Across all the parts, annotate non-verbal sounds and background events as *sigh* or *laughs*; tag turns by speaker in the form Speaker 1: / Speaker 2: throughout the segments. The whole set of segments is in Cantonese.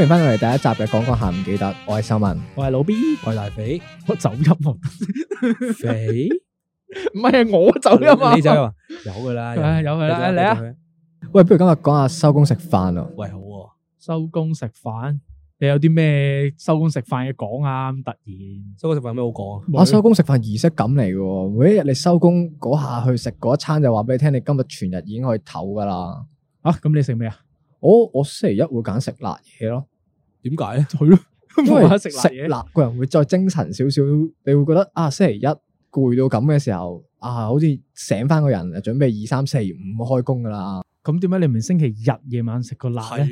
Speaker 1: 歡迎翻到嚟第一集嘅講講下，唔記得我係秀文，我係老 B，我係大肥，我走音啊！
Speaker 2: 肥唔係啊，我走音啊！肥仔話
Speaker 3: 有噶啦，有噶啦，嚟啊！
Speaker 1: 喂，不如今日講下收工食飯啊。
Speaker 2: 喂，好喎，收工食飯，你有啲咩收工食飯嘅講啊？咁突然，收工食飯有咩好講啊？我收
Speaker 1: 工食飯儀式感嚟嘅，每一日你收工嗰下去食嗰餐就話俾你聽，你今日全日已經可以唞噶啦。
Speaker 2: 啊，咁你食咩啊？
Speaker 1: 我我星期一會揀食辣
Speaker 2: 嘢咯。點解咧？係咯，因為食辣
Speaker 1: 個人會再精神少少，你會覺得啊，星期一攰到咁嘅時候啊，好似醒翻個人，準備二三四五開工噶啦。咁點解
Speaker 2: 你唔星期日夜晚食個辣咧？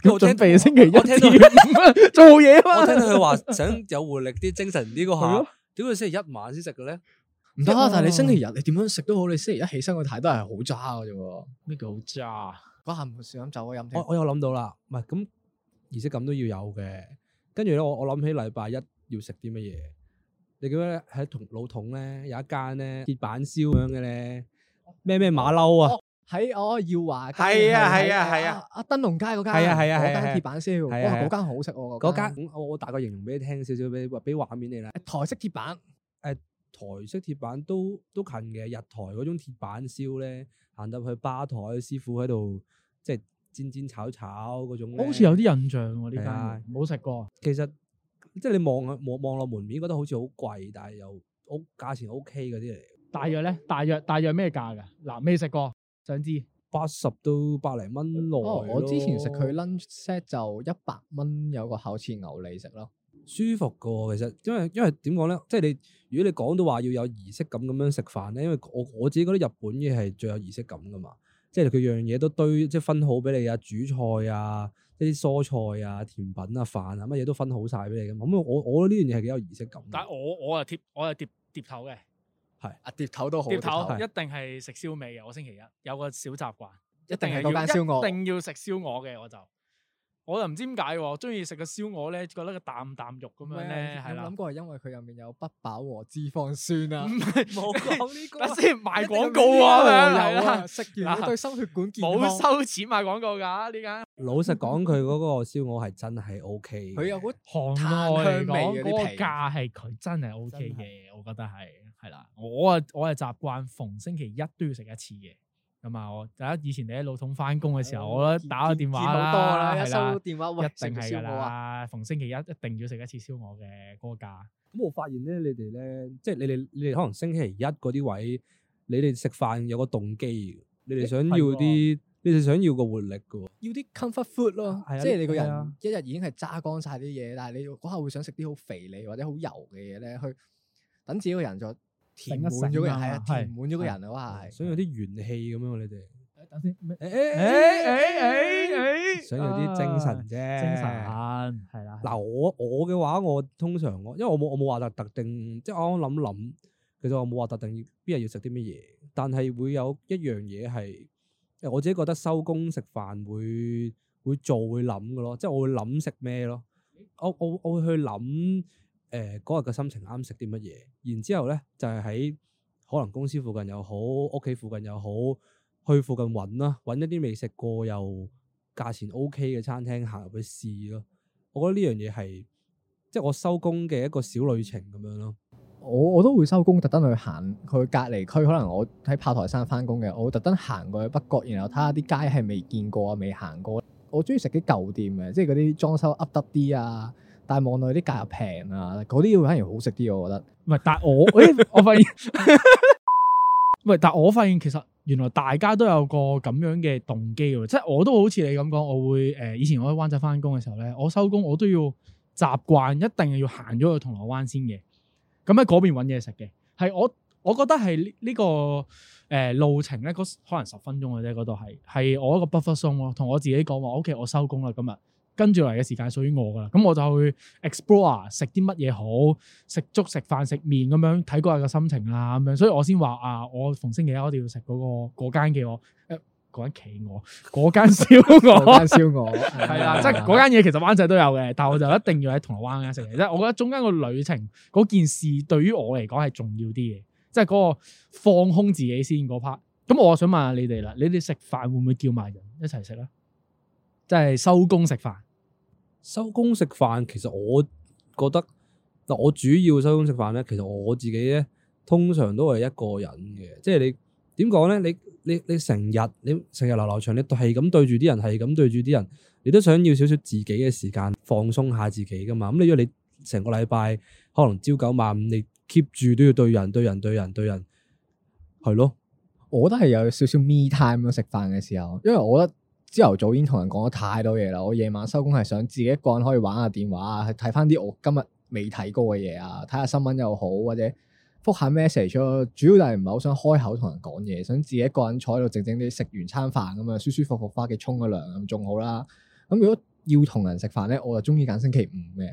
Speaker 2: 咁我準備星期一做嘢啊嘛。我聽到佢話想
Speaker 3: 有活力啲、精神啲嗰下，點解星期一晚先食嘅咧？唔得啊！但係你星期
Speaker 1: 日你點樣食都好，你星期一起身個態度都係好渣嘅啫。
Speaker 3: 呢個好渣。嗰下唔小心走咗飲。我我有諗到啦，唔係咁。儀式感都要有嘅，跟住咧，我我諗起禮拜一要食啲乜嘢？你記得喺同老桶咧有一間咧鐵板燒咁嘅咧，咩咩馬騮啊？喺哦，我耀華
Speaker 1: 係啊係啊係啊！阿登龍街嗰間係啊係啊嗰間鐵板燒，啊、哇嗰間
Speaker 3: 好食喎！嗰間我我大概形容俾你聽少少俾俾畫面你啦、啊。台式鐵板誒台式鐵板都都近嘅日台嗰種鐵板燒咧，行入去吧台師傅喺度即係。煎煎炒炒嗰種，好似有啲印
Speaker 2: 象喎、啊，呢間
Speaker 3: 冇食的過。其實即係你望望望落門面，覺得好似好貴，但係又 O 價錢 OK 嗰啲嚟。大約咧，大約大
Speaker 2: 約咩價㗎？嗱、啊，未食過，想知
Speaker 3: 八十到百零蚊咯。我之前食佢
Speaker 1: lunch set 就一百蚊，有
Speaker 3: 個烤似牛脷食咯，舒服嘅、啊、其實因為因為點講咧，即係你如果你講到話要有儀式感咁樣食飯咧，因為我我，我自己覺得日本嘢係最有儀式感㗎嘛。即係佢樣嘢都堆，即係分好俾你啊！煮菜啊，一啲蔬菜啊、甜品啊、飯啊，乜嘢都分好晒俾你咁。咁我我覺得呢樣嘢係幾有儀式感。但
Speaker 2: 係我我係貼我係碟碟頭嘅。
Speaker 3: 係啊，碟頭都好。碟頭一
Speaker 2: 定係食燒味嘅。是我星期一有個小習慣，一定係要食，一定要食燒鵝嘅我就。我又唔知點解喎，中意食個燒鵝咧，覺得個啖啖肉咁樣咧，係啦、嗯。諗
Speaker 1: 過係因為佢入面有不飽和脂肪
Speaker 3: 酸啊？唔
Speaker 2: 係是，冇講呢個先 *laughs* 賣廣告啊，係啦、啊。食完對心了血管健康冇收錢賣廣告噶呢間。
Speaker 3: 老實講，佢嗰個燒鵝係真係 OK 嘅。佢有好炭香味，嗰個價
Speaker 2: 係佢真係 OK 嘅，的我覺得係係啦。我啊，我係習慣逢星期一都要食一次嘅。咁啊！我大家以前你喺老桶翻工嘅時候，哎、呦我覺得打個電話多啦，一啦收電話餵喂燒鵝我啊！逢星期一一定要食一次燒鵝嘅個價。
Speaker 3: 咁我發現咧，你哋咧，即係你哋，你哋可能星期一嗰啲位，你哋食飯有個動機，你哋想要啲，對你哋想要，對想要個活力嘅喎，
Speaker 1: 要啲 comfort food 咯，即係、啊、你個人一日已經係揸乾晒啲嘢，但係你嗰下會想食啲好肥膩或者好油嘅嘢咧，去等自己個人再。
Speaker 3: 填滿咗人係啊，填滿咗個人哇！所想有啲元氣咁樣，你哋等
Speaker 1: 先。誒誒誒誒誒，所、哎哎哎哎、有啲精神啫、啊，精神眼係、
Speaker 3: 啊、啦。嗱、啊啊，我我嘅話，我通常我，因為我冇我冇話特特定，即係我我諗諗，其實我冇話特定邊日要食啲乜嘢，但係會有一樣嘢係，我自己覺得收工食飯會會做會諗嘅咯，即係我會諗食咩咯，我我我會去諗。誒嗰日嘅心情啱食啲乜嘢，然之後咧就係、是、喺可能公司附近又好，屋企附近又好，去附近揾啦，揾一啲未食過又價錢 OK 嘅餐廳行入去試咯。我覺得呢樣嘢係即係我收工嘅一個小旅程咁樣咯。
Speaker 1: 我我都會收工特登去行，佢隔離區可能我喺炮台山翻工嘅，我特登行過去北角，然後睇下啲街係未見過啊，未行過。我中意食啲舊店嘅，即係嗰啲裝修 update 啲
Speaker 2: 啊。但係望落啲價又平啊，嗰啲要反而好食啲我覺得 *laughs* 我。唔係，但係我誒，我發現，唔係，但係我發現其實原來大家都有個咁樣嘅動機嘅，即係我都好似你咁講，我會誒、呃、以前我喺灣仔翻工嘅時候咧，我收工我都要習慣一定要行咗去銅鑼灣先嘅，咁喺嗰邊搵嘢食嘅，係我我覺得係呢、這個誒、呃、路程咧，可能十分鐘嘅啫，嗰度係係我一個 buffer zone 咯，同我自己講話，OK，我收工啦今日。跟住嚟嘅時間屬於我㗎喇，咁我就去 explore 食啲乜嘢好，食粥、食飯、食麵咁樣，睇個人嘅心情啦咁樣，所以我先話啊，我逢星期一我一定要食嗰、嗰個間嘅我嗰間企鵝嗰、欸、間燒鵝，嗰間燒鵝係啊， *laughs* 即係嗰間嘢其實灣仔都有嘅，但係我就一定要喺銅鑼灣嗰間食。即係 *laughs* 我覺得中間個旅程嗰件事對於我嚟講係重要啲嘅，即係嗰個放空自己先嗰 part。咁我想問下你哋啦，你哋食飯會唔會叫埋人一齊食咧？即係收工食飯。
Speaker 3: 收工食飯，其實我覺得我主要收工食飯咧，其實我自己咧，通常都係一個人嘅。即係你點講咧？你你你成日你成日流流長，你係咁對住啲人，係咁對住啲人、人，你都想要少少自己嘅時間放鬆下自己噶嘛？咁你如果你成個禮拜可能朝九晚五，你 keep 住都要對人對人對人對人，係咯？我覺得係有少少 me time 咯，食飯嘅
Speaker 1: 時候，因為我覺得。朝頭早已經同人講咗太多嘢啦，我夜晚收工係想自己一個人可以玩下電話啊，睇翻啲我今日未睇過嘅嘢啊，睇下新聞又好，或者覆下 message 咯。主要就係唔係好想開口同人講嘢，想自己一個人坐喺度靜靜啲，食完餐飯咁啊，舒舒服服翻屋企沖個涼咁仲好啦。咁如果要同人食飯咧，我就中意揀星期五嘅，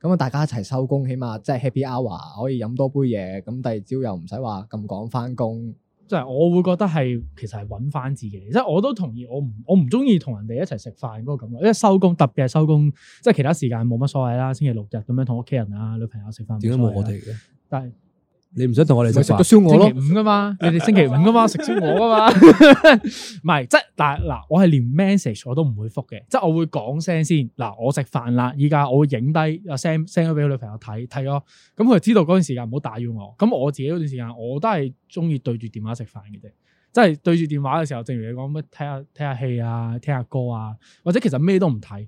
Speaker 1: 咁啊大家一齊收工，起碼即係 happy hour 可以飲多杯嘢，咁第二
Speaker 2: 朝又唔使話咁趕翻工。即係我會覺得係其實係揾翻自己，即係我都同意，我唔我唔中意同人哋一齊食飯嗰個感覺，因為收工特別係收工，即係其他時間冇乜所謂啦。星期六日咁樣同屋企人啊、女朋友食飯，點解冇我哋嘅？但係。你唔想
Speaker 3: 同我哋食飯？星期五噶嘛， *laughs* 你哋星期五
Speaker 2: 噶嘛， *laughs* 食燒鵝噶嘛。唔 *laughs* 係，即係但係嗱，我係連 message 我都唔會覆嘅，即係我會講聲先。嗱，我食飯啦，依家我會影低阿 Sam，send 咗俾佢女朋友睇睇咯。咁佢知道嗰段時間唔好打擾我。咁我自己嗰段時間，我都係中意對住電話食飯嘅啫。即係對住電話嘅時候，正如你講，咩睇下睇下戲啊，聽下歌啊，或者其實咩都唔睇，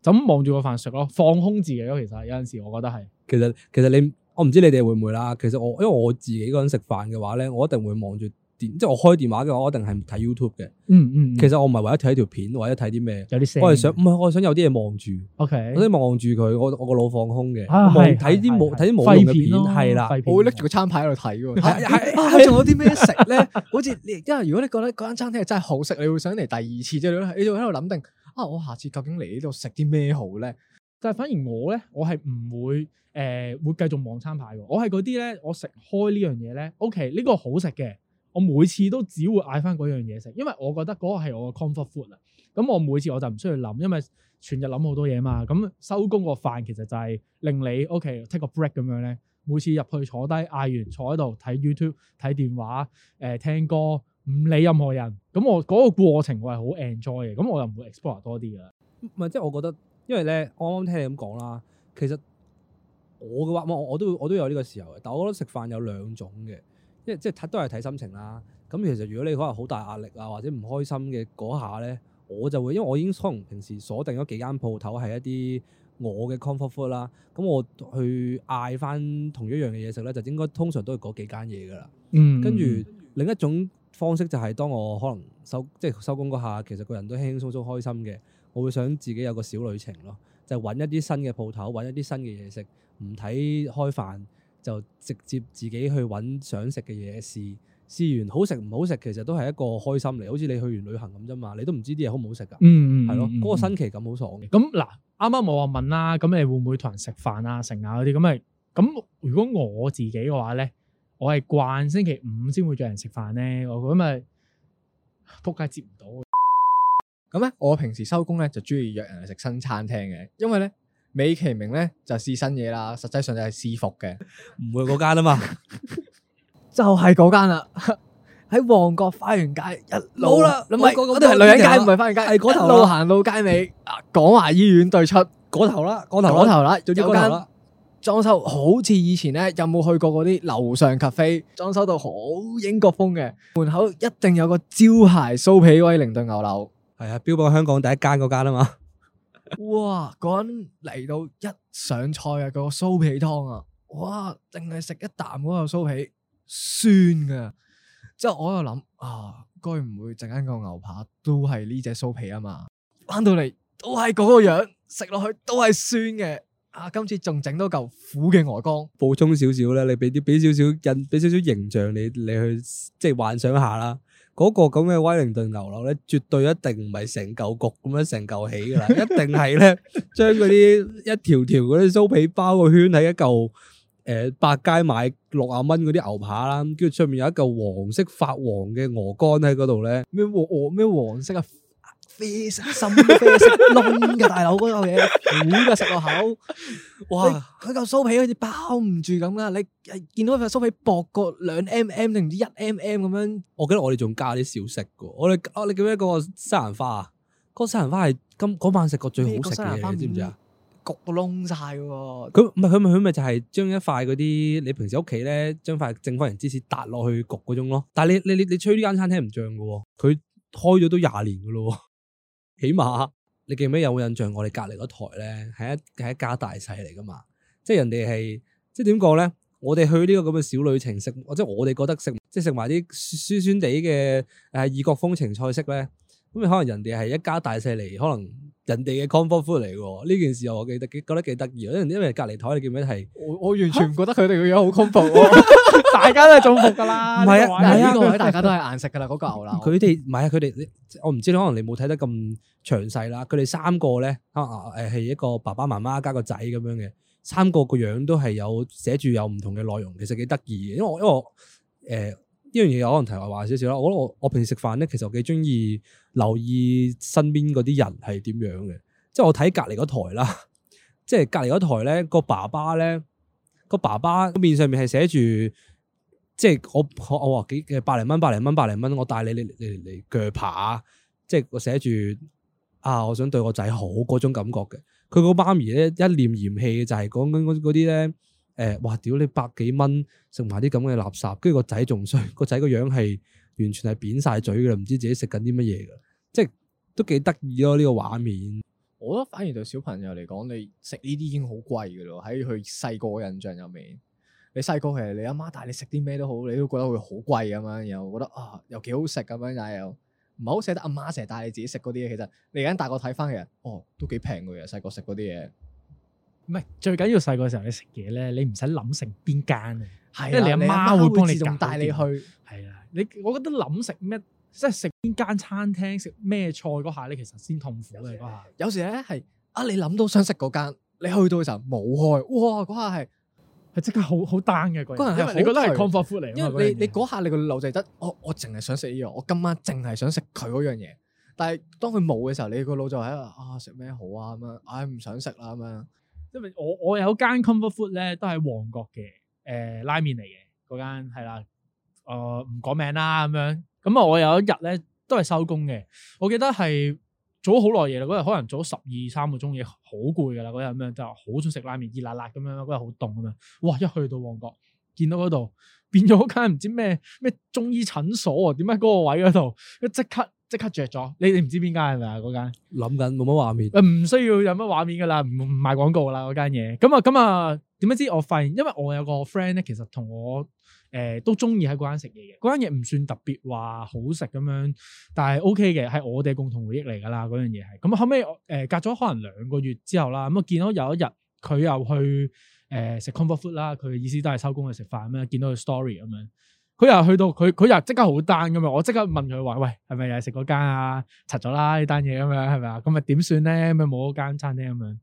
Speaker 2: 就咁望住個飯食咯，放空自己咯。其實有陣時我覺得係，
Speaker 3: 其實其實你。我唔知你哋會唔會啦。其實我因為我自己嗰陣食飯嘅話咧，我一定會望住電，即係我開電話嘅話，我一定係唔睇 YouTube 嘅。嗯嗯。其實我唔係為咗睇條片，或者睇啲咩，我係想唔係，我想有啲嘢望住。O K。我想望住佢，我我個腦放空嘅，睇啲冇睇啲冇片。係啦，我會
Speaker 1: 拎住個餐牌喺度睇嘅。係係。仲有啲咩食咧？好似你，因為如果你覺得嗰間餐廳係真係好食，你會想
Speaker 2: 嚟第二次啫。你仲喺度諗定啊？我下次究竟嚟呢度食啲咩好咧？就反而我咧，我係唔會誒、呃、會繼續望餐牌嘅。我係嗰啲咧，我食開呢樣嘢咧。OK，呢個好食嘅，我每次都只會嗌翻嗰樣嘢食，因為我覺得嗰個係我嘅 comfort food 啊。咁我每次我就唔需要諗，因為全日諗好多嘢嘛。咁收工個飯其實就係令你 OK take 個 break 咁樣咧。每次入去坐低嗌完，坐喺度睇 YouTube、睇電話、誒、呃、聽歌，唔理任何人。咁我嗰個過
Speaker 3: 程我係好 enjoy 嘅。咁我又唔會 explore 多啲噶。唔係，即係我覺得。因為咧，我啱啱聽你咁講啦，其實我嘅話，我我都我都有呢個時候嘅。但我覺得食飯有兩種嘅，即係即係睇都係睇心情啦。咁其實如果你可能好大壓力啊，或者唔開心嘅嗰下咧，我就會，因為我已經可能平時鎖定咗幾間鋪頭係一啲我嘅 comfort food 啦。咁我去嗌翻同一樣嘅嘢食咧，就應該通常都係嗰幾間嘢噶啦。嗯，跟住另一種方式就係當我可能收即係收工嗰下，其實個人都輕輕鬆鬆開心嘅。我會想自己有個小旅程咯，就揾，是，一啲新嘅鋪頭，揾一啲新嘅嘢食，唔睇開飯就直接自己去揾想食嘅嘢試試完好食唔好食。其實都係一個開心嚟，好似你去完旅行咁啫嘛，你都唔知啲嘢好唔好食噶。嗯，嗯嗯，係咯，嗰個新奇感好爽嘅。
Speaker 2: 咁嗱，啱啱冇話問啦，咁你會唔會同人食飯啊，剩下嗰啲咁啊？咁如果我自己嘅話咧，我係慣星期五先會約人食飯咧，我咁咪仆街接唔到。哎咁咧，我平時收工咧就中意約人去食新餐廳嘅，因為咧美
Speaker 1: 其名咧就試新嘢啦，實際上就係試服嘅，唔會嗰間啊嘛 *laughs* 就間，就係嗰間啦，喺旺角花園街一路，你唔係，嗰度係女人街，唔係花園街，係頭，路行到街尾，廣華醫院對出嗰頭啦，嗰頭啦，有間裝修好似以前咧，有冇去過嗰啲樓上咖啡，裝修到好英國風嘅，門口一定有個招牌酥皮威靈頓
Speaker 3: 牛柳。係啊，標榜香港第一間嗰間吖嘛。
Speaker 1: *laughs* 哇！嗰陣嚟到一上菜啊，嗰個酥皮湯啊，哇！淨係食一啖嗰個酥皮酸㗎。之後我又諗啊，該唔會陣間個牛扒都係呢隻酥皮啊嘛？翻到嚟都係嗰個樣，食落去都係酸嘅。啊，今次仲整到嚿苦嘅鵝肝。
Speaker 3: 補充少少咧，你俾啲俾少少印，俾少少形象你，你去即係幻想一下啦。嗰個咁嘅威靈頓牛柳咧，絕對一定唔係成嚿焗咁樣成嚿起㗎啦， *laughs* 一定係呢，將嗰啲一條條嗰啲酥皮包個圈喺一嚿誒百佳買六十蚊嗰啲牛扒啦，跟住出面有一嚿黃色發黃嘅鵝肝喺嗰度呢，咩黃咩黃色啊？
Speaker 1: 啡色，深啡色窿嘅大樓嗰嚿嘢，
Speaker 3: 好嘅食落口，哇！
Speaker 1: 佢嚿酥皮好似包唔住咁噶，你見到嗰塊酥皮薄過
Speaker 3: 兩 m m 定唔知一 m m 咁樣？我記得我哋仲加啲小食噶、啊，我哋我你記唔記得個西蘭花啊？個西蘭花係今晚食過最好食嘅嘢，你知唔知啊？焗到
Speaker 1: 窿晒噶喎！佢
Speaker 3: 唔係佢咪佢咪就係將一塊嗰啲你平時屋企咧將塊正方形芝士搭落去焗嗰種咯。但係你你你你吹呢間餐廳唔漲噶，佢開咗都廿年噶咯。起碼你記唔記得有冇印象我？我哋隔離嗰台咧，係一係一家大細嚟㗎嘛，即係人哋係即係點講咧？我哋去呢個咁嘅小旅程食，或者我哋覺得食即係食埋啲酸酸哋嘅誒異國風情菜式咧。咁可能人哋係一家大細嚟，可能人哋嘅 comfort food 嚟嘅呢件事，我記得幾覺得幾得意。因為因為隔籬台你見唔見係？我
Speaker 1: 我完全唔覺得佢哋個樣好 comfort， *laughs* *laughs* 大家都係中服噶啦。唔係啊，呢個位、啊、大家都係顏色噶啦，嗰間屋啦。佢
Speaker 3: 哋唔係啊，佢哋我唔知，可能你冇睇得咁詳細啦。佢哋三個咧，啊誒係、呃、一個爸爸媽媽加個仔咁樣嘅，三個個樣都係有寫住有唔同嘅內容，其實幾得意嘅。因為我因為我誒。呃呢樣嘢有可能題外話少少啦。我覺得我我平時食飯咧，其實我幾中意留意身邊嗰啲人係點樣嘅。即係我睇隔離嗰台啦，即係隔離嗰台咧，個爸爸咧，個爸爸面上面係寫住，即係我我我話幾百零蚊百零蚊百零蚊，我帶你你嚟嚟鋸扒，即係我寫住啊，我想對我仔好嗰種感覺嘅。佢個媽咪咧一念嫌棄嘅就係講緊嗰啲咧。誒、哎，哇！屌你百幾蚊食埋啲咁嘅垃圾，跟住個仔仲衰，個仔個樣係完全係扁晒嘴㗎啦，唔知自己食緊啲乜嘢㗎，即係都幾得意咯，呢個畫面。
Speaker 1: 我覺得反而對小朋友嚟講，你食呢啲已經好貴㗎咯，喺佢細個嘅印象入面。你細個其實你阿媽帶你食啲咩都好，你都覺得會好貴咁樣，又後覺得啊又幾好食咁樣，但係又唔係好捨得阿媽成日帶你自己食嗰啲嘢。其實你而家大個睇翻嘅，哦，都幾平㗎嘅，細個食嗰啲嘢。
Speaker 2: 唔係最緊要細個時候你食嘢咧，你唔使諗成邊間啊，的因為你阿媽，媽會幫你，你媽媽會帶你去。係時啊，你我覺得諗食咩，即係食邊間餐廳食咩菜嗰下咧，其實先痛苦啊！有時咧係啊，你諗到想食嗰間，
Speaker 1: 你去到嘅時候冇開，
Speaker 2: 哇！嗰下係係即刻好好 down 嘅嗰人係 comfort food 嚟？因為，因為你
Speaker 1: 你嗰下、嗯、你、哦你個腦就係得我我淨係想食呢樣，我今晚淨係想食佢嗰樣嘢。但係當佢冇嘅時候，你個腦就喺、是、度啊食咩好啊咁樣，唉、啊、唔、啊啊啊啊、想食啦咁樣。啊
Speaker 2: 因為我我有間 Comfort Food 咧，都喺旺角嘅，誒拉麵嚟嘅嗰間係啦，誒唔講名啦咁樣，咁啊我有一日咧都係收工嘅，我記得係做咗好耐嘢啦，嗰日可能做咗十二三個鐘嘢，好攰㗎啦嗰日咁樣，就好想食拉麵，熱辣辣咁樣，嗰日好凍啊，哇！一去到旺角，見到嗰度變咗間唔知咩咩中醫診所啊，點解嗰個位嗰度？即刻。即刻着咗，你你唔知邊間係咪啊？嗰間諗緊冇乜畫面，唔需要有乜畫面㗎啦，唔賣廣告㗎啦嗰間嘢。咁啊咁啊，點樣知？我發現，因為我有個 friend 咧，其實同我誒、呃、都中意喺嗰間食嘢嘅。嗰間嘢唔算特別話好食咁樣，但係 OK 嘅，係我哋共同回憶嚟㗎啦嗰樣嘢係。咁啊後尾、呃、隔咗可能兩個月之後啦，咁、嗯、啊見到有一日佢又去誒食、呃、comfort food 啦，佢嘅意思都係收工去食飯咩？見到佢 story 咁樣。佢又去到佢佢又即刻好 down 咁樣，我即刻問佢話：喂，係咪又係食嗰間啊？柒咗啦呢單嘢咁樣係咪啊？咁咪點算咧？咪冇嗰間餐廳咁樣。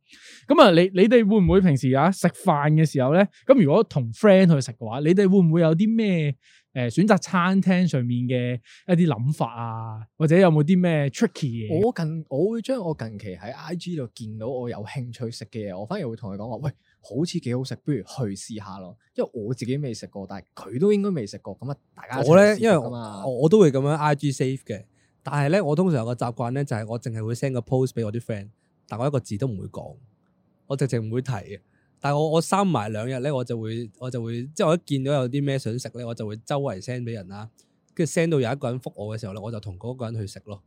Speaker 2: 咁啊，你你哋會唔會平時啊食飯嘅時候咧？咁如果同 friend 去食嘅話，你哋會唔會有啲咩誒選擇餐廳上面嘅一啲諗法啊？或者有冇啲咩 tricky 嘢？
Speaker 1: 我近我會將我近期喺 IG 度見到我有興趣食嘅嘢，我反而會同佢講話：喂！好似幾好食，不如去試下咯。因為我自己未食過，但係佢都應該未食過，咁啊，大家我咧呢，試試因為我
Speaker 3: 都會咁樣 I G save 嘅。但係咧，我通常有個習慣咧，就係、是、我淨係會 send 個 post 俾我啲 friend，但我一個字都唔會講，我直情唔會提嘅。但係我我三埋兩日咧，我就會我就會，即係我一見到有啲咩想食咧，我就會周圍 send 俾人啦。跟住 send 到有一個人覆我嘅時候咧，我就同嗰個人去食咯，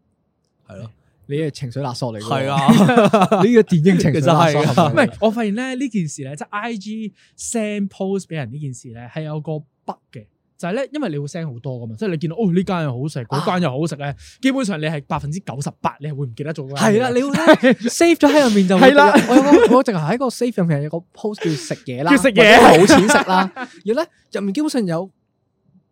Speaker 3: 係咯。 *laughs*
Speaker 1: 你係情緒勒索嚟㗎，係啊！你嘅電影情緒勒索，唔係
Speaker 3: 我發現
Speaker 2: 咧呢件事咧，即係 IG send post 俾人呢件事咧，係有個 but 嘅，就係咧，因為你會 send 好多㗎嘛，即係你見到哦呢間又好食，嗰間又好食咧，基本上你係百分之九十八你係會唔記得做㗎。係啦，你要
Speaker 1: save 咗喺入面就係啦。我我我淨係喺個 save 入面有個 post 叫食嘢啦，叫食嘢冇錢食啦。而咧入面基本上有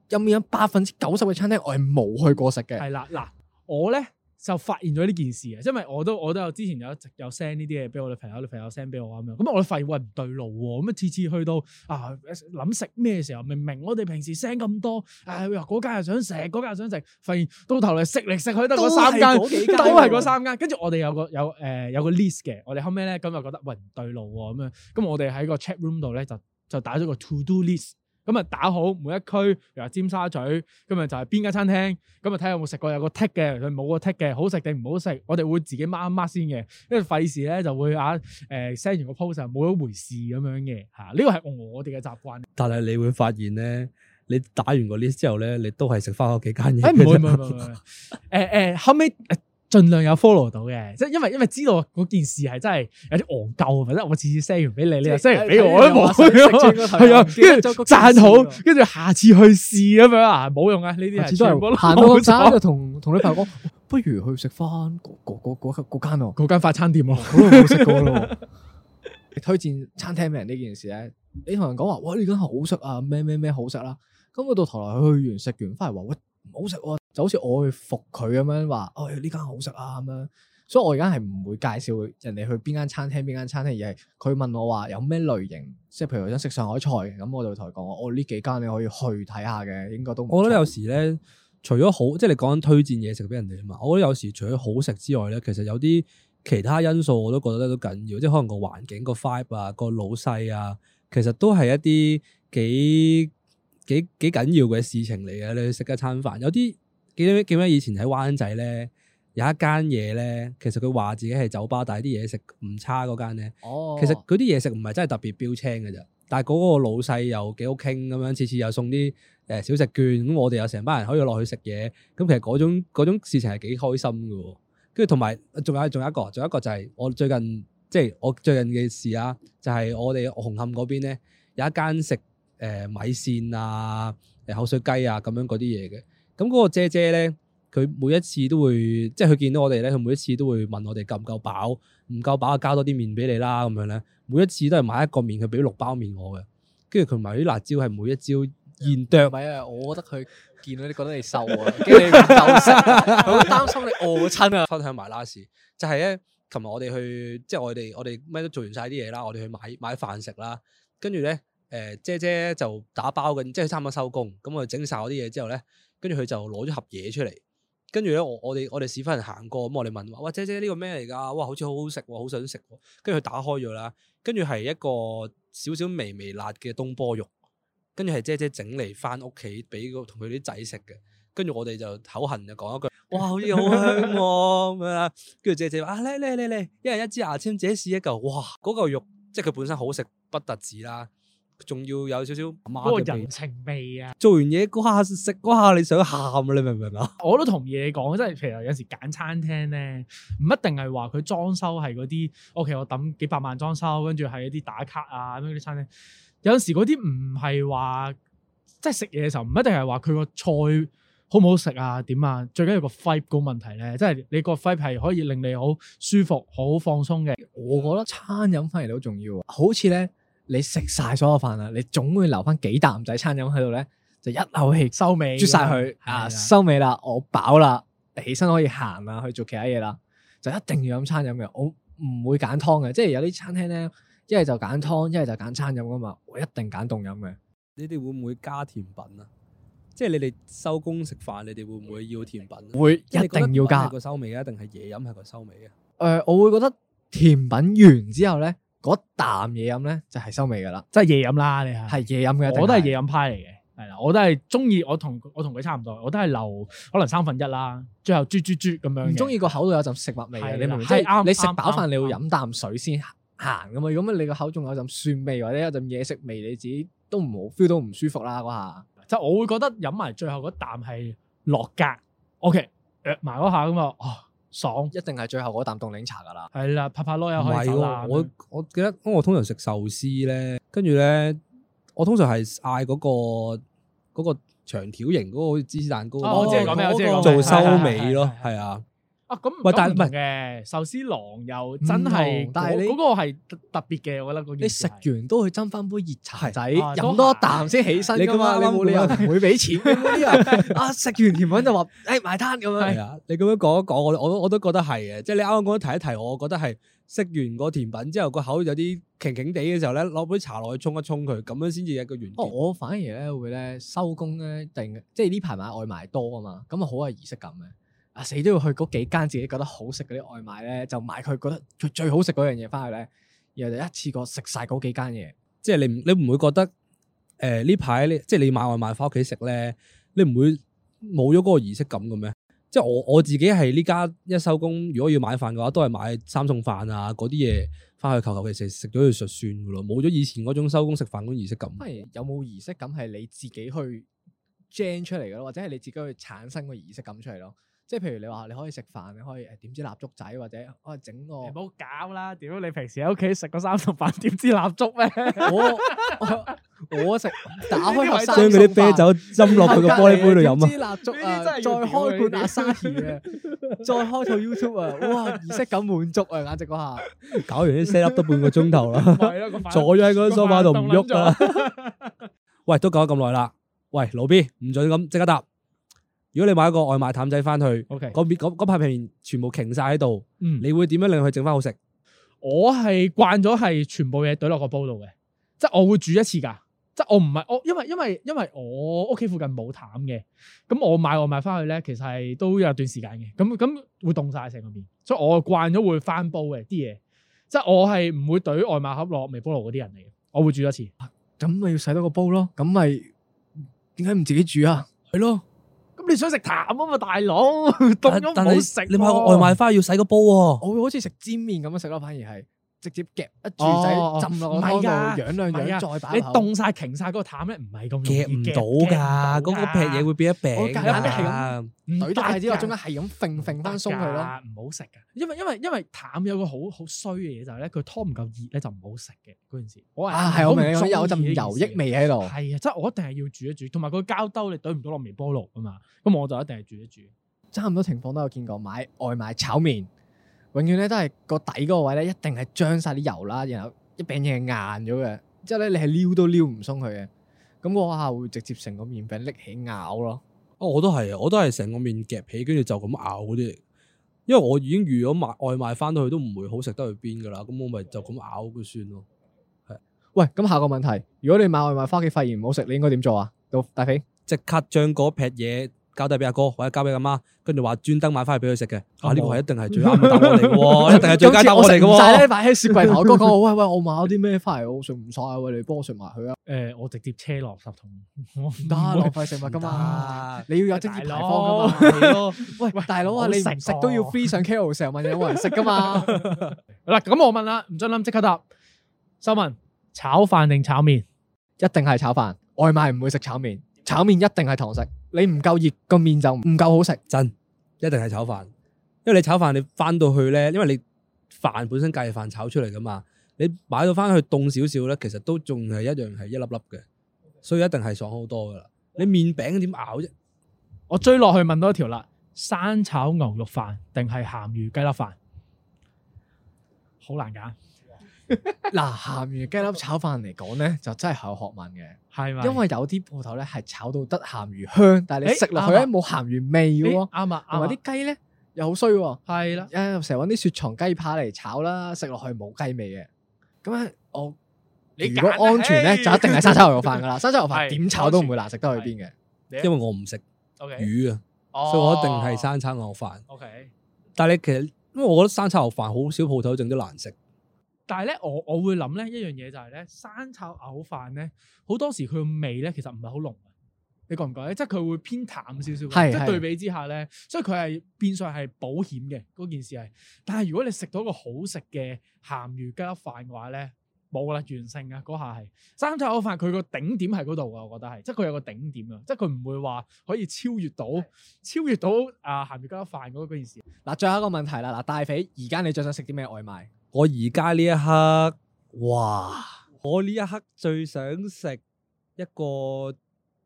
Speaker 1: 入面有百分之九十嘅餐廳我係冇去過食嘅。係啦，
Speaker 2: 嗱我咧。就發現咗呢件事嘅，因為我都我都有之前有一直有 send 呢啲嘢俾我女朋友，女朋友 send 俾我咁樣，咁我哋發現喂唔對路喎，咁啊次次去到啊諗食咩時候，明明我哋平時 send 咁多，誒、啊、嗰間又想食，嗰間又想食，發現到頭嚟食嚟食去得嗰三間，都係嗰幾間，都係嗰三間。跟住 *laughs* 我哋有個有誒、呃、有個 list 嘅，我哋後尾咧咁又覺得喂唔對路喎咁樣，咁我哋喺個 chat room 度咧就就打咗個 to do list。咁啊打好每一區，例如尖沙咀，咁啊就係邊間餐廳，咁啊睇下有冇食過有個 tick 嘅，佢冇個 tick 嘅，好食定唔好食，我哋會自己 mark 一 mark 先嘅，因為費事咧就會啊誒 send 完個 post 冇一回事咁樣嘅吓，呢個係我哋嘅習慣。
Speaker 3: 但係你會發現咧，你打完個 list 之後咧，你都係食翻嗰幾間嘢，欸。唔唔唔唔，
Speaker 2: 誒誒， *laughs* 後尾。盡量有 follow 到嘅，即係因為因為知道嗰件事係真係有啲憨鳩，或者我次次 send 完俾你，你又 send 唔俾我，係有啊，跟後住就讚好，跟住下次去試咁樣 *laughs* 啊，冇用 *laughs* 啊，呢啲都係行到山就同同你朋友
Speaker 1: 講，不如去食翻嗰嗰嗰嗰間嗰間快餐店咯，好耐冇食過咯。你推薦餐廳名呢件事咧，你同人講話，你呢間好食啊，咩咩咩好食啦，咁我、嗯、到頭嚟去完食完，翻嚟話，喂，唔好食喎。就好似我去服佢咁樣話，哎呢間好食啊咁樣，所以我而家係唔會介紹人哋去邊間餐廳邊間餐廳，而係佢問我話有咩類型，即係譬如我想食上海菜嘅，咁我就同佢講我呢幾間你可以去睇下嘅，應該都。
Speaker 3: 我覺得有時咧，除咗好，即係你講緊推薦嘢食俾人哋啊嘛，我覺得有時除咗好食之外咧，其實有啲其他因素我都覺得都緊要，即係可能個環境、個 vibe 啊、個老細啊，其實都係一啲幾幾幾緊要嘅事情嚟嘅。你食一餐飯，有啲。記唔記得以前喺灣仔咧，有一間嘢咧，其實佢話自己係酒吧，但係啲嘢食唔差嗰間咧。哦，其實佢啲嘢食唔係真係特別標青嘅啫。但係嗰個老細又幾好傾咁樣，次次又送啲誒小食券，咁我哋又成班人可以落去食嘢。咁其實嗰種嗰種事情係幾開心嘅。跟住同埋仲有仲有一個，仲有一個就係我最近即係我最近嘅事啊，就係我哋紅磡嗰邊咧有一間食誒米線啊、誒口水雞啊咁樣嗰啲嘢嘅。咁嗰個姐姐咧，佢每一次都會，即係佢見到我哋咧，佢每一次都會問我哋夠唔夠飽，唔夠飽啊，加多啲麵俾你啦咁樣咧。每一次都係買一個麵，佢俾六包麵我嘅，跟住佢買啲辣椒係每一朝現剁。咪、嗯、啊，我覺得佢見到你覺得你瘦啊，跟住驚你唔夠食，擔心你餓親啊。分享埋 last 就係、是、咧，尋日我哋去即係我哋我哋咩都做完晒啲嘢啦，我哋去買買飯食啦，跟住咧誒姐姐就打包緊，即係差唔多收工，咁我哋整晒我啲嘢之後咧。跟住佢就攞咗盒嘢出嚟，跟住咧我我哋我哋屎忽人行過，咁我哋問話：哇姐姐呢，這個咩嚟噶？哇好似好好食，好想食。跟住佢打開咗啦，跟住係一個少少微微辣嘅東坡肉，跟住係姐姐整嚟返屋企俾同佢啲仔食嘅。跟住我哋就口痕就講一句：哇好似好香喎咁啊！跟住 *laughs* 姐姐話：啊嚟嚟嚟嚟，一人一支牙籤，自己試一嚿。哇嗰嚿肉即係佢本身好食，不得止啦。仲要有少少嗰個人
Speaker 2: 情味啊！做
Speaker 3: 完嘢嗰下食嗰下，下你想喊啊！你明唔明啊？
Speaker 2: 我都同意你講，即係譬如有時揀餐廳咧，唔一定係話佢裝修係嗰啲，OK，我抌幾百萬裝修，跟住係一啲打卡啊咁樣啲餐廳。有時嗰啲唔係話即係食嘢嘅時候，唔一定係話佢個菜好唔好食啊點啊，最緊要個 vibe 嗰個問題咧，即係你個 vibe 係可以令你好舒服、好放鬆嘅。我覺得餐飲返嚟好重要啊，
Speaker 1: 好似咧。你食晒所有飯啦，你總會留翻幾啖仔餐飲喺度咧，就一口氣收尾啜晒佢啊，的收尾啦，我飽啦，起身可以行啦，去做其他嘢啦，就一定要飲餐飲嘅，我唔會揀湯嘅，即係有啲餐廳咧，一係就揀湯，一係就揀餐飲噶嘛，我一定揀凍飲嘅。
Speaker 3: 你哋會唔會加甜品啊？即係你哋收工食飯，你哋會唔會要甜品？會，一定要加。個收尾，定係野飲係個收尾嘅。
Speaker 1: 誒、呃，我會覺得甜品完之後咧。嗰啖嘢
Speaker 2: 飲咧就係收尾噶啦，即係夜飲啦，你係。係夜飲嘅，我都係夜飲派嚟嘅，係啦，我都係中意。我同我同佢差唔多，我都係留可能三分一啦，最後啜啜啜咁樣。唔中意個口度有陣食物味嘅，你即係啱。你食飽飯你要飲啖水先行咁嘛。如果你個口仲有陣蒜味或者有陣嘢食味，你自己都唔好 feel 到唔舒服啦嗰下。即係我會覺得飲埋最後嗰啖係落格，OK，約埋嗰下咁啊。爽一定係最後嗰啖凍檸茶噶啦，係啦，拍拍
Speaker 3: 攞又可以走。唔係喎咩？我我記得，我通常食壽司咧，跟住咧，我通常係嗌嗰個嗰、嗰個長條型嗰個好似芝士蛋糕，即係、哦哦、講咩啊？即係、哦、做收尾咯，係啊。
Speaker 2: 啊咁喂，但唔係嘅，壽司郎又真係，但係你嗰個係特特別嘅，我覺得個你
Speaker 1: 食完都去斟翻杯熱茶仔，飲多啖先起身㗎嘛，冇理由會俾
Speaker 3: 錢嘅嗰啲人。啊食完
Speaker 1: 甜品就話誒埋單咁樣。係啊，
Speaker 3: 你咁樣講一講，我我我都覺得係嘅。即係你啱啱講提一提，我覺得係食完個甜品之後個口有啲勁勁地嘅時候咧，攞杯茶落去沖一沖佢，咁樣先至一個原。哦，我
Speaker 1: 反而咧會咧收工咧，定即係呢排買外賣多啊嘛，咁啊好有儀式感嘅。啊死都要去嗰幾間自己覺得好食嗰啲外賣咧，就買佢覺得最最好食嗰樣嘢翻去咧，然後就一次過食晒
Speaker 3: 嗰幾間嘢。即係你唔你唔會覺得誒呢排咧，即係你買外賣翻屋企食咧，你唔會冇咗嗰個儀式感嘅咩？即係我我自己係呢家一收工，如果要買飯嘅話，都係買三餸飯啊嗰啲嘢翻去求求其其食食咗就算嘅咯，冇咗以前嗰種收工食飯嗰儀式感。係
Speaker 1: 有冇儀式感係你自己去 generate 出嚟嘅咯，或者係你自己去產生個儀式感出嚟咯？即係譬如你話你可以食飯，你可以誒點
Speaker 2: 支蠟燭仔，或者可以整個。唔好搞啦！點樣？你平時喺屋企食個三重飯，點支蠟燭咩？我我食打開盒沙琪瑪，將嗰啲啤酒斟落
Speaker 3: 去個玻璃杯度飲啊！
Speaker 1: 支蠟燭啊，再開罐阿沙琪啊，再開套 YouTube 啊，哇！儀式感滿足啊，簡直嗰下！
Speaker 3: 搞完啲 set up 都半個鐘頭啦，坐咗喺嗰張梳化度唔喐啊！喂，都講咗咁耐啦，喂老 B，唔准咁即刻答。如果你買一個外賣淡仔翻去，嗰邊嗰嗰排麵全部擎晒喺度，嗯、你會點樣令佢整翻好食？我係慣咗係全部嘢懟落
Speaker 2: 個煲度嘅，即係我會煮一次噶，即係我唔係我，因為因為因為我屋企附近冇淡嘅，咁我買外賣翻去咧，其實係都有段時間嘅，咁咁會凍晒成個麵，所以我係慣咗會翻煲嘅啲嘢，即係我係唔會懟外賣盒落微波爐嗰啲人嚟
Speaker 1: 嘅，我會煮一次，咁咪要洗多個煲咯，咁咪點解唔自己煮啊？係 *laughs* 咯。你想食淡啊嘛，大佬凍咗唔好食啊，你買個外賣翻去要
Speaker 3: 洗個煲喎。
Speaker 1: 我會好似食煎麵咁樣食咯，反而係。直接夾一住仔浸落嗰
Speaker 3: 度，養兩養，再把口。你
Speaker 2: 凍晒、擎晒嗰個淡咧，唔係咁夾唔到㗎。嗰個皮嘢會變一餅。我眼咧係咁，懟得係只話中間係咁揈揈翻鬆佢咯，唔好食噶。因為因為因為淡有個好好衰嘅嘢就係咧，佢湯唔夠熱咧就唔好食嘅嗰陣時。啊，係我明啦，有陣油益味喺度。係啊，即係我一定係要煮一煮，同埋個膠兜你懟唔到落微波爐啊嘛。咁我就一定係煮一煮。差唔多情況都有見過，買外賣炒
Speaker 1: 麵。永遠咧都係個底嗰位咧，一定係漿晒啲油啦，然後一餅嘢硬咗嘅，之後咧你係撩都撩唔鬆佢嘅，咁我下會直接成個麵餅拎起
Speaker 3: 咬咯。哦，我都係啊，我都係成個麵夾起，跟住就咁咬嗰啲。因為我已經預咗買外賣翻到去都唔會好食得去邊噶啦，咁我咪就咁咬佢算咯。係，
Speaker 1: 喂，咁下個問題，如果你買外賣返屋企發現唔好食，你應該點做啊？到大肥
Speaker 3: 即刻將嗰劈嘢。交低俾阿哥或者交俾阿媽，跟住話專登買翻嚟俾佢食嘅，啊呢個係一定係最啱我嚟嘅喎，一定係最佳搭我嚟嘅喎。就係咧擺喺雪櫃頭，同阿哥講
Speaker 1: 喂喂，我買咗啲咩翻嚟，我食唔晒，喂你幫我食埋佢啊。誒，我直接車落垃圾桶，我唔得，浪費食物噶嘛。你要有職業大方噶嘛。喂喂，大佬啊，你食唔食都要 free 上 carry，成日問人有冇人食噶嘛。
Speaker 2: 嗱，咁我問啦，唔准諗即刻答。收文，
Speaker 1: 炒飯定炒麵？一定係炒飯，外賣唔會食炒麵。炒麵一定係糖食，你唔夠熱，個麵就唔夠好食。真，
Speaker 3: 一定係炒飯，因為你炒飯你翻到去呢，因為你飯本身隔夜飯炒出嚟噶嘛，你買到翻去凍少少呢，其實都仲係一樣係一粒粒嘅，所以一定係爽好多噶啦。你麵餅點咬啫？我追落去問多一條啦，生炒牛肉飯定係鹹魚
Speaker 2: 雞粒飯？好難揀。嗱，鹹 *laughs* 魚雞
Speaker 1: 粒炒飯嚟講咧，就真係好有學問嘅，係嘛吧？因為有啲鋪頭咧，係炒到得鹹魚香，但係你食落去咧冇鹹魚味喎，啱嘛、欸？同埋啲雞咧又好衰，係啦的，誒、啊，成日搵啲雪藏雞扒嚟炒啦，食落去冇雞味嘅。咁
Speaker 2: 咧，我如果安全咧，嘿就一定係生炒牛肉飯噶啦，生炒 *laughs* 牛肉飯點炒都唔
Speaker 3: 會難食得去邊嘅，因為我唔食
Speaker 2: 魚啊，Okay. 所以我一定係
Speaker 3: 生炒牛肉飯。Okay. 但係你其實，因為我覺得生炒牛肉飯好少鋪頭整得難食。
Speaker 2: 但係咧，我我會諗咧一樣嘢就係咧，生炒牛飯咧，好多時佢個味咧其實唔係好濃，你覺唔覺咧？即係佢會偏淡少少，即係是對比之下咧，是所以佢係變相係保險嘅嗰件事係。但係如果你食到一個好食嘅鹹魚雞粒飯嘅話咧，冇啦，完勝嘅嗰下係。生炒牛飯佢個頂點喺嗰度啊，我覺得係，即係佢有個頂點啊，即係佢唔會話可以超越到是超越到啊、呃、鹹魚雞粒飯嗰件事。嗱，最後一個問題
Speaker 1: 啦，
Speaker 3: 嗱，大肥而家你最想食啲咩外賣？我而家呢一刻，哇！我呢一刻最想食一個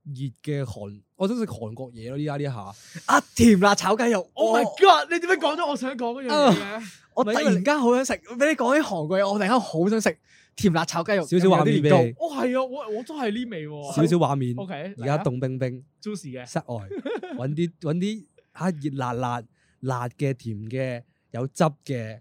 Speaker 3: 熱嘅韓，我想食韓國嘢咯。而家呢下，啊甜辣炒雞肉、哦！Oh
Speaker 2: my god！你點解
Speaker 3: 講咗我想講
Speaker 1: 嗰樣嘢？我突然間好想食，俾你講起韓國嘢，我突然間好想食甜辣炒雞肉。少少畫面畀你，
Speaker 3: 哦係啊，
Speaker 2: 我我都係呢味，啊。少少畫面，O K。而家凍冰冰 z o 嘅室外，
Speaker 3: 搵啲搵啲吓熱辣辣、辣嘅、甜嘅、有汁嘅。